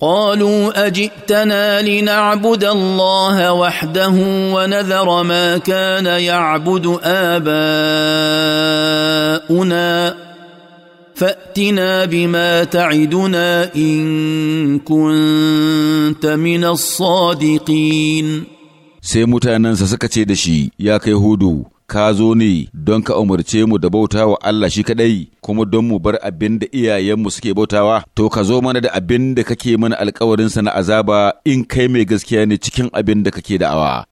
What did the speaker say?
قالوا اجئتنا لنعبد الله وحده ونذر ما كان يعبد اباؤنا فاتنا بما تعدنا ان كنت من الصادقين سيموتا mutanensa suka ce da shi ka zo ne don ka umarce mu da bauta wa Allah shi kaɗai, kuma don mu bar abin da iyayenmu suke bautawa to ka zo mana da abin da kake mana sa na azaba in kai mai gaskiya ne cikin abin da kake da'awa